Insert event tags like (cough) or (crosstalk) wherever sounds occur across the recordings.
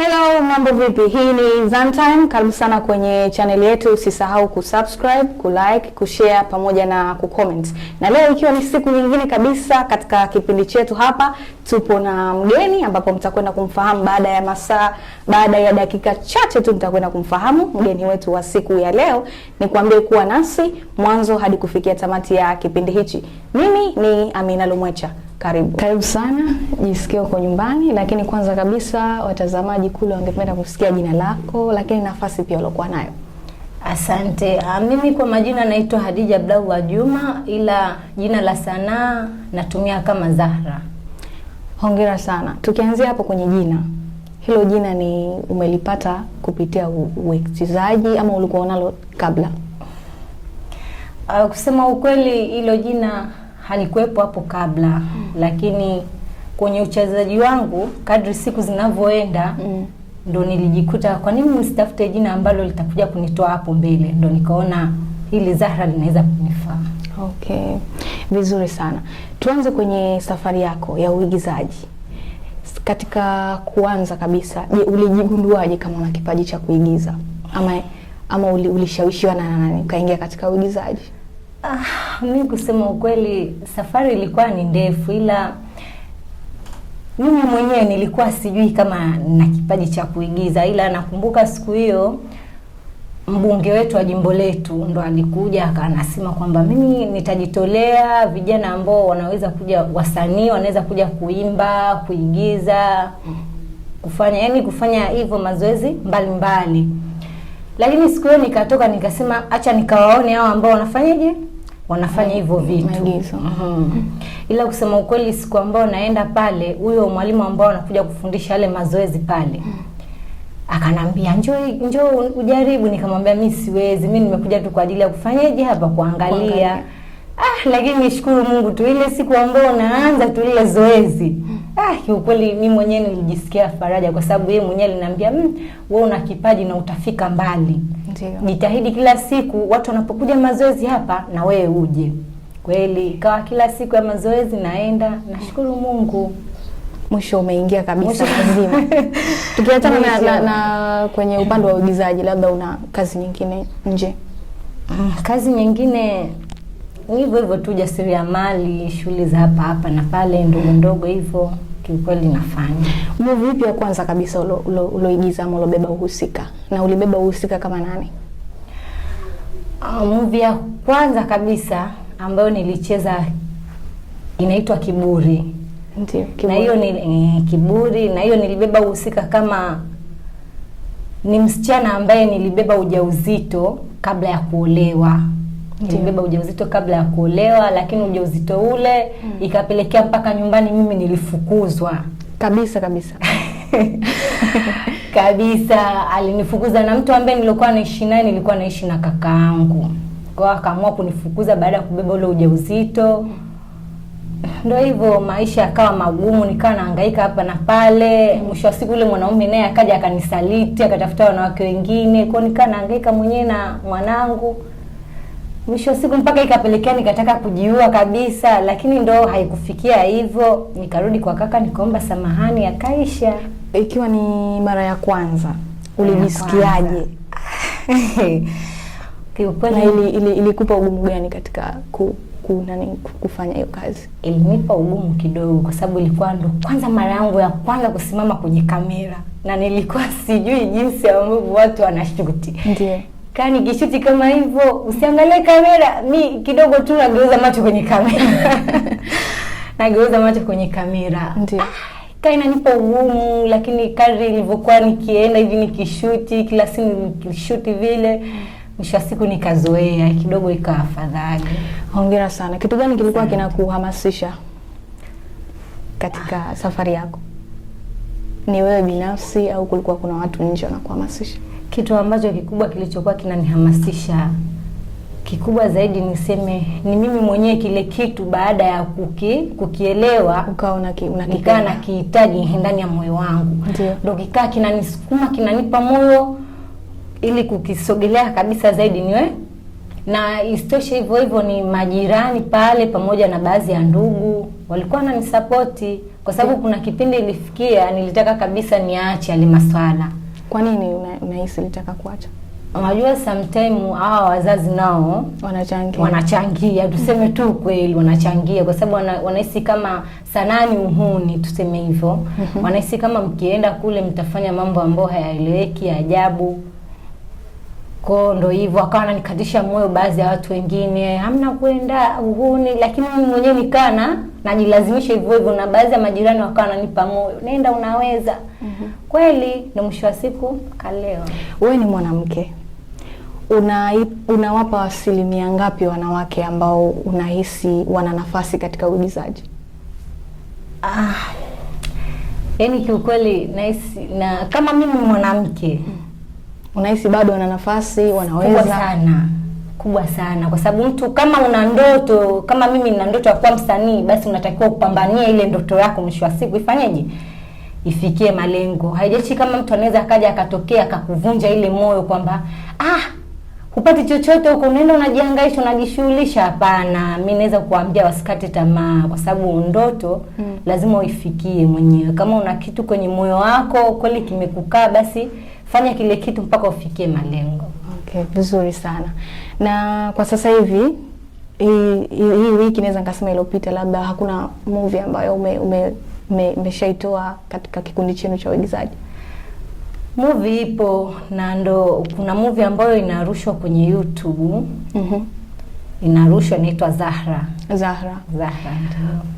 Hello, mambo vipi? Hii ni Zantime. Karibu sana kwenye channel yetu, usisahau kusubscribe, kulike, kushare pamoja na kucomment. Na leo ikiwa ni siku nyingine kabisa katika kipindi chetu hapa, tupo na mgeni ambapo mtakwenda kumfahamu baada ya masaa, baada ya dakika chache tu mtakwenda kumfahamu mgeni wetu wa siku ya leo. ni kuambie kuwa nasi mwanzo hadi kufikia tamati ya kipindi hichi. Mimi ni Amina Lumwecha. Karibu, karibu sana, jisikie uko nyumbani. Lakini kwanza kabisa, watazamaji kule wangependa kusikia jina lako, lakini nafasi pia uliokuwa nayo. Asante. Ah, mimi kwa majina naitwa Hadija Blau wa Juma, ila jina la sanaa natumia kama Zahra. Hongera sana. Tukianzia hapo kwenye jina hilo, jina ni umelipata kupitia uwekezaji ama ulikuwa nalo kabla? Uh, kusema ukweli hilo jina halikuwepo hapo kabla mm. Lakini kwenye uchezaji wangu kadri siku zinavyoenda mm. ndo nilijikuta kwa nini nisitafute jina ambalo litakuja kunitoa hapo mbele, ndo nikaona hili Zahra linaweza kunifaa. Okay, vizuri sana. Tuanze kwenye safari yako ya uigizaji. Katika kuanza kabisa, je, ulijigunduaje kama una kipaji cha kuigiza ama ama ulishawishiwa uli na nani ukaingia katika uigizaji? Ah, mimi kusema ukweli, safari ilikuwa ni ndefu, ila mimi mwenyewe nilikuwa sijui kama na kipaji cha kuigiza, ila nakumbuka siku hiyo mbunge wetu wa jimbo letu ndo alikuja akanasema kwamba mimi nitajitolea vijana ambao wanaweza kuja wasanii, wanaweza kuja kuimba, kuigiza, kufanya yani kufanya hivyo mazoezi mbalimbali mbali lakini siku hiyo nikatoka nikasema acha nikawaone hao ambao wanafanyaje wanafanya hivyo vitu mm -hmm. Ila kusema ukweli, siku ambao naenda pale, huyo mwalimu ambao anakuja kufundisha yale mazoezi pale akanambia njoo njoo ujaribu. Nikamwambia mi siwezi, mi nimekuja tu kwa ajili ya kufanyaje hapa kuangalia. Ah, lakini nishukuru Mungu tu ile siku ambao naanza tu ile zoezi ah, kiukweli mimi mwenyewe nilijisikia faraja kwa sababu yeye mwenyewe aliniambia mmm, wewe una kipaji na utafika mbali. Ndiyo. Jitahidi kila siku watu wanapokuja mazoezi hapa na wewe uje. Kweli kawa kila siku ya mazoezi naenda, nashukuru Mungu. Mwisho umeingia kabisa mzima. (laughs) Tukiachana na, na, na kwenye upande wa uigizaji, labda una kazi nyingine nje? Mm, kazi nyingine hivyo hivyo tu, mali shughuli za hapa hapa na pale ndogo ndogo hivyo kiukweli nafanya. Movie ipi ya kwanza kabisa ulioigiza ama ulobeba uhusika na ulibeba uhusika kama nani? Uh, movie ya kwanza kabisa ambayo nilicheza inaitwa Kiburi. Ndiyo, Kiburi. Na hiyo ni eh, Kiburi na hiyo nilibeba uhusika kama ni msichana ambaye nilibeba ujauzito kabla ya kuolewa nilibeba ujauzito kabla ya kuolewa, lakini ujauzito ule mm. ikapelekea mpaka nyumbani mimi nilifukuzwa kabisa kabisa (laughs) kabisa. Alinifukuza na mtu ambaye nilikuwa naishi naye, nilikuwa naishi na kaka yangu, kwa akaamua kunifukuza baada ya kubeba ule ujauzito. Ndio hivyo, maisha yakawa magumu, nikawa naangaika hapa na pale. Mwisho wa siku, ule mwanaume naye akaja akanisaliti, akatafuta wanawake wengine, kwa nikawa naangaika mwenyewe na mwanangu. Mwisho wa siku mpaka ikapelekea nikataka kujiua kabisa, lakini ndo haikufikia hivyo, nikarudi kwa kaka nikaomba samahani, akaisha. Ikiwa ni mara ya kwanza ulijisikiaje? Kiukweli ilikupa ugumu gani katika ku, ku, nani, kufanya hiyo kazi? Ilinipa ugumu kidogo, kwa sababu ilikuwa ndo kwanza mara yangu ya kwanza kusimama kwenye kamera na nilikuwa sijui jinsi ambavyo watu wanashuti, ndiyo kaa nikishuti kama hivyo, usiangalie kamera. Mi kidogo tu nageuza macho kwenye kamera (laughs) nageuza macho kwenye kamera ndio ah, kaa inanipa ugumu, lakini kadri ilivyokuwa nikienda hivi nikishuti kila simu nikishuti vile, mwisho wa siku nikazoea kidogo, ikawa afadhali. Hongera sana. Kitu gani kilikuwa kinakuhamasisha katika ah. safari yako? Ni wewe binafsi au kulikuwa kuna watu nje wanakuhamasisha? kitu ambacho kikubwa kilichokuwa kinanihamasisha kikubwa zaidi niseme ni mimi mwenyewe kile kitu, baada ya kuki, kukielewa ukaona unakikaa na kihitaji ndani ya moyo wangu, ndio kikaa kinanisukuma kinanipa moyo ili kukisogelea kabisa zaidi niwe na. istoshe hivyo hivyo ni majirani pale, pamoja na baadhi ya ndugu walikuwa wananisapoti, kwa sababu kuna kipindi ilifikia nilitaka kabisa niache yale maswala kwa nini unahisi litaka kuacha? Unajua, sometime hawa wazazi nao wanachangia, wanachangia tuseme tu kweli, wanachangia kwa sababu wana, wanahisi kama sanani uhuni, tuseme hivyo. Mhm. Wanahisi kama mkienda kule mtafanya mambo ambayo hayaeleweki, ajabu Kwao ndo hivyo, akawa ananikatisha moyo baadhi ya watu wengine, hamna kwenda uhuni, lakini mimi mwenyewe nikana najilazimisha hivyo hivyo, na baadhi ya majirani wakawa wananipa moyo, nenda, unaweza. mm -hmm. Kweli ni mwisho wa siku kalewa. Wewe ni mwanamke, una unawapa asilimia ngapi wanawake ambao unahisi wana nafasi katika uigizaji? Ah, yaani kiukweli nahisi na kama mimi mwanamke mm -hmm. Unahisi bado wana nafasi, wanaweza? Kubwa sana, kubwa sana, kwa sababu mtu kama una ndoto kama mimi nina ndoto ya kuwa msanii, basi unatakiwa kupambania ile ndoto yako, mwisho wa siku ifanyeje, ifikie malengo. Haijachi kama mtu anaweza akaja akatokea akakuvunja ile moyo kwamba ah, hupati chochote huko, unaenda unajihangaisha, unajishughulisha. Hapana, mi naweza kuambia wasikate tamaa, kwa sababu ndoto hmm. lazima uifikie mwenyewe. Kama una kitu kwenye moyo wako kweli kimekukaa, basi fanya kile kitu mpaka ufikie malengo. Okay, vizuri sana. Na kwa sasa hivi hii hii wiki naweza nikasema iliyopita, labda hakuna movie ambayo umeshaitoa ume, ume, ume katika kikundi chenu cha uigizaji? Movie ipo na ndo kuna movie ambayo inarushwa kwenye YouTube. Mhm. Mm inarushwa inaitwa Zahra. Zahra. Zahra.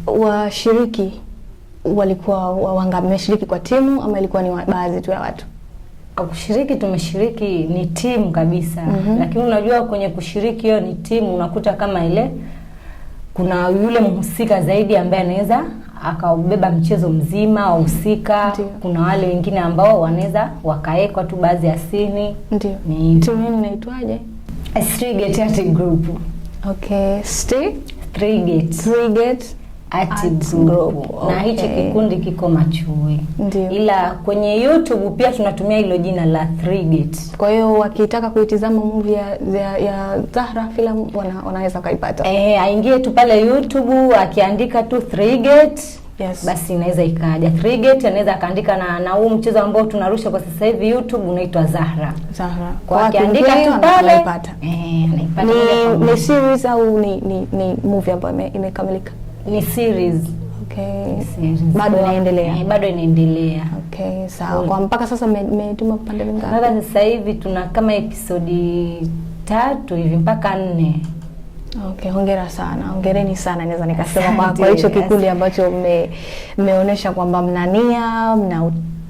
Washiriki walikuwa wameshiriki kwa timu ama ilikuwa ni baadhi tu ya watu? kushiriki tumeshiriki, ni timu kabisa mm -hmm. Lakini unajua kwenye kushiriki hiyo ni timu, unakuta kama ile kuna yule mhusika zaidi ambaye anaweza akaubeba mchezo mzima wahusika. Kuna wale wengine ambao wanaweza wakawekwa tu baadhi ya sini. Timu Group. Okay, stay Strigate. gate. Ati Group. Okay. Na hichi kikundi kiko Machuwe. Ndiyo. Ila kwenye YouTube pia tunatumia hilo jina la Three Gate. Kwa hiyo wakitaka kuitizama movie ya, ya, ya Zahra filamu wana, wanaweza kaipata Eh, aingie tu pale YouTube akiandika tu Three Gate. Yes. Basi inaweza ikaja Three Gate, anaweza akaandika na na huu mchezo ambao tunarusha kwa sasa hivi YouTube unaitwa Zahra. Zahra. Kwa akiandika tu pale anaipata. Eh, anaipata. Ni, ni series au ni ni, ni movie ambayo imekamilika? Ni series. Okay. Series. Bado inaendelea. Eh, bado inaendelea. Okay, sawa. Kwa mpaka sasa mmetuma pande vingapi? Mpaka sasa hivi tuna kama episodi tatu hivi mpaka nne. Okay, hongera sana, hongereni sana, naweza nikasema kwa hicho kikundi ambacho mmeonyesha kwamba mna nia, mna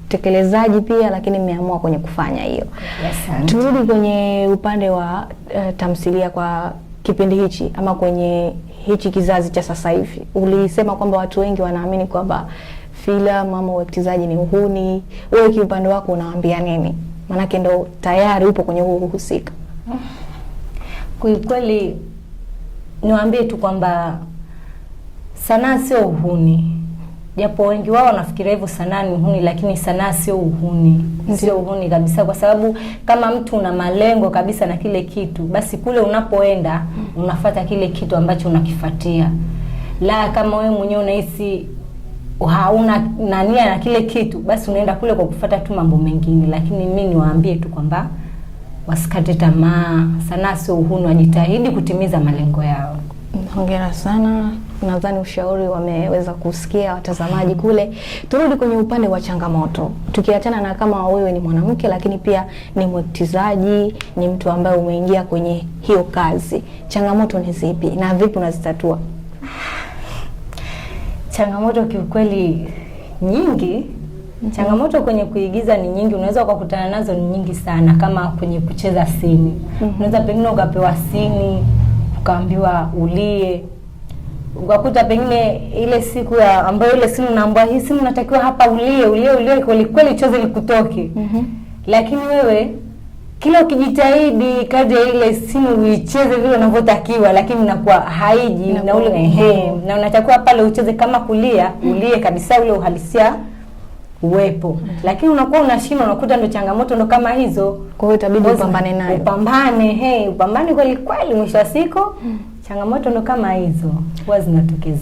utekelezaji pia, lakini mmeamua kwenye kufanya hiyo. Yes, turudi kwenye upande wa uh, tamthilia kwa kipindi hichi ama kwenye hichi kizazi cha sasa hivi. Ulisema kwamba watu wengi wanaamini kwamba filamu ama uwekezaji ni uhuni. Wewe kiupande wako unawaambia nini? Maanake ndo tayari upo kwenye huo uhusika. Kiukweli niwaambie tu kwamba sanaa sio uhuni japo wengi wao wanafikiria hivyo, sanaa ni uhuni, lakini sanaa sio uhuni, sio uhuni kabisa, kwa sababu kama mtu una malengo kabisa na kile kitu, basi kule unapoenda mm. unafata kile kitu ambacho unakifatia. La kama wewe mwenyewe unahisi hauna nania na kile kitu, basi unaenda kule kwa kufata tu mambo mengine. Lakini mi niwaambie tu kwamba wasikate tamaa, sanaa sio uhuni, wajitahidi kutimiza malengo yao. Hongera sana nadhani ushauri wameweza kusikia watazamaji kule. Turudi kwenye upande wa changamoto, tukiachana na kama wewe ni mwanamke, lakini pia ni mwekezaji, ni mtu ambaye umeingia kwenye hiyo kazi, changamoto ni zipi na vipi unazitatua? Changamoto kiukweli nyingi changamoto kwenye kuigiza ni nyingi, unaweza ukakutana nazo ni nyingi sana. Kama kwenye kucheza sini, mhm. unaweza pengine ukapewa sini ukaambiwa ulie, ukakuta pengine ile siku ya ambayo ile simu unaambiwa hii simu natakiwa hapa ulie ulie ulie kweli kweli chozi likutoke. mm -hmm. Lakini wewe kila ukijitahidi kaja ile simu uicheze vile unavyotakiwa, lakini nakuwa haiji na na ule ehe, na unatakiwa pale ucheze kama kulia ulie kabisa ule uhalisia uwepo, mm -hmm. lakini unakuwa unashindwa. Unakuta ndo changamoto ndo kama hizo, kwa hiyo itabidi upambane nayo, upambane he, upambane kweli kweli, mwisho wa siku mm -hmm. Changamoto ndo kama hizo huwa zinatokeza